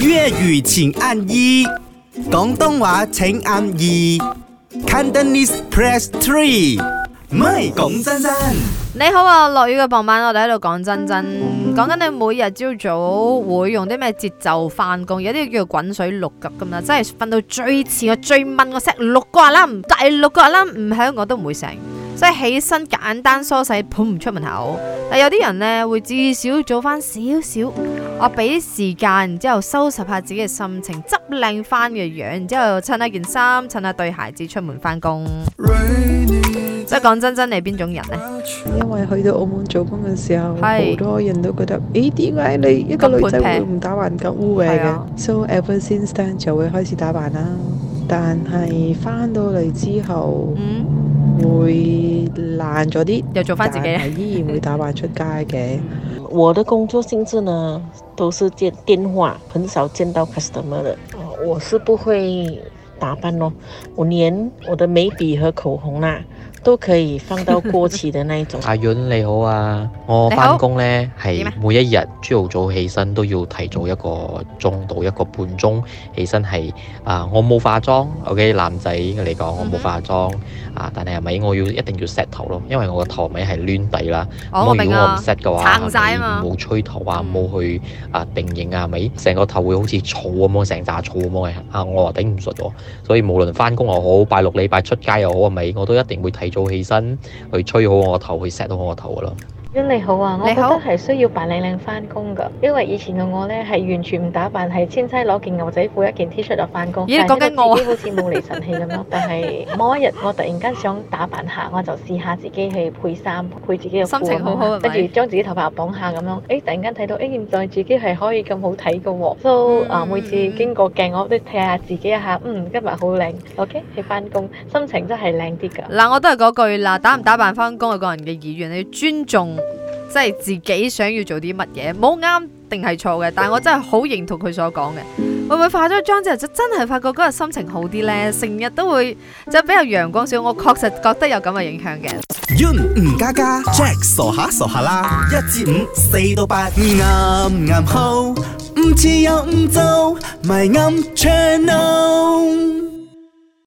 粵語請按一，廣東話請按二 Cantonese press three，唔係講真真。你好啊，落雨嘅傍晚，我哋喺度講真真，講緊 你每日朝早會用啲咩節奏翻工，有啲叫滾水淥腳咁啦，真係瞓到最遲個最晚個 s 六個人啦，唔第六個人啦唔響我都唔會醒，所以起身簡單梳洗，捧唔出門口。啊，有啲人咧會至少早翻少少,少。我俾啲時間，然之後收拾下自己嘅心情，執靚翻嘅樣，然之後襯一件衫，襯下對鞋子出門返工。即係講真真，你邊種人咧？因為去到澳門做工嘅時候，好是多人都覺得，咦、欸，點解你一個女仔會唔打扮咁污嘅？So ever since then 就會開始打扮啦，但係翻到嚟之後，嗯，會爛咗啲，又做翻自己咧，依然會打扮出街嘅。 我的工作性質呢，都是接電話，很少見到 customer 的。哦，我是不會。打扮咯，哦，我粘我的眉筆和口紅啦，都可以放到過期的那一種。 阿潤你好啊，我翻工咧係每一日朝頭早起身都要提早一個鐘到一個半鐘起身係啊，我冇化妝，OK、呃、男仔嚟講我冇化妝啊、呃，但係係咪我要一定要 set 頭咯，因為我個頭尾係攣底啦，好如果我唔 set 嘅話係冇吹頭啊，冇去、呃、定啊定型啊，咪成個頭會好似草咁樣，成扎草咁樣嘅，啊我話頂唔順咗。所以無論返工又好，拜六禮拜出街又好，係咪？我都一定會提早起身，去吹好我個頭，去 set 好我個頭㗎喇。你好啊，好我覺得係需要扮靚靚翻工噶，因為以前嘅我呢，係完全唔打扮，係千差攞件牛仔褲一件 T 恤就翻工。咦、欸，講緊自己好似冇厘神氣咁樣， 但係某一日我突然間想打扮下，我就試下自己去配衫，配自己嘅褲好好。跟住將自己頭髮綁下咁樣，誒，突然間睇到誒、哎，現在自己係可以咁好睇嘅喎。都啊、嗯，每次經過鏡我都睇下自己一下，嗯，今日好靚，OK，去翻工，心情真係靚啲噶。嗱，我都係嗰句啦，打唔打扮翻工係個人嘅意願，你要尊重。即係自己想要做啲乜嘢，冇啱定係錯嘅，但係我真係好認同佢所講嘅。會唔會化咗妝之後就真係發覺嗰日心情好啲呢。成日都會就比較陽光少，我確實覺得有咁嘅影響嘅。Yun 吳、嗯嗯、家 Jack 傻下傻下,傻下啦，一至五，四到八，啱啱好，五次有五奏，迷暗 channel。